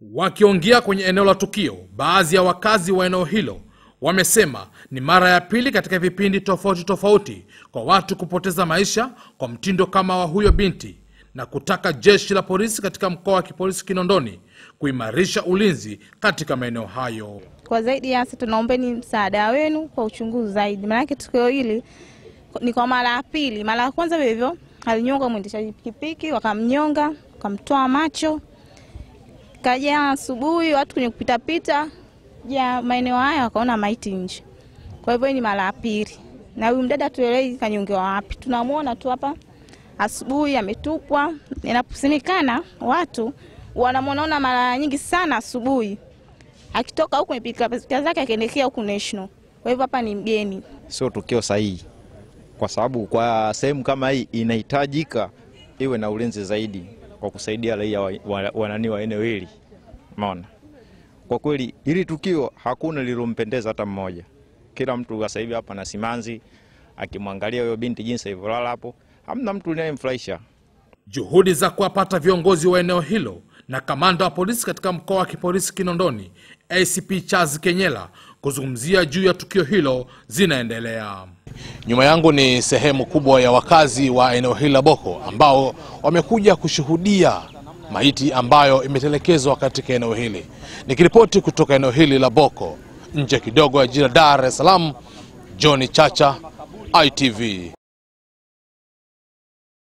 Wakiongea kwenye eneo la tukio, baadhi ya wakazi wa eneo hilo wamesema ni mara ya pili katika vipindi tofauti tofauti kwa watu kupoteza maisha kwa mtindo kama wa huyo binti na kutaka jeshi la polisi katika mkoa wa kipolisi Kinondoni kuimarisha ulinzi katika maeneo hayo. Kwa zaidi hasa tunaombeni msaada wenu kwa uchunguzi zaidi, maanake tukio hili ni kwa mara ya pili. Mara ya kwanza vivyo alinyonga mwendeshaji pikipiki, wakamnyonga wakamtoa macho Kaja asubuhi watu kwenye kupita pita ja maeneo haya wakaona maiti nje, kwa hivyo ni mara ya pili. Na huyu mdada tuelewi kanyongewa wapi? Tunamwona tu hapa asubuhi ametupwa. Inaposemekana watu wanamwonaona mara nyingi sana asubuhi, akitoka huku kwenye pikipiki zake akielekea huku National. Kwa hivyo hapa ni mgeni, sio tukio sahihi, kwa sababu kwa sehemu kama hii inahitajika iwe na ulinzi zaidi kwa kusaidia raia wanani wa eneo hili. Umeona, kwa kweli hili tukio hakuna lilompendeza hata mmoja. Kila mtu sasa hivi hapa na simanzi, akimwangalia huyo binti jinsi alivyolala hapo, hamna mtu linayemfurahisha. Juhudi za kuwapata viongozi wa eneo hilo na kamanda wa polisi katika mkoa wa kipolisi Kinondoni, ACP Charles Kenyela, kuzungumzia juu ya tukio hilo zinaendelea. Nyuma yangu ni sehemu kubwa ya wakazi wa eneo hili la Boko ambao wamekuja kushuhudia maiti ambayo imetelekezwa katika eneo hili. Nikiripoti kutoka eneo hili la Boko nje kidogo ya jiji la Dar es Salaam, John Chacha, ITV.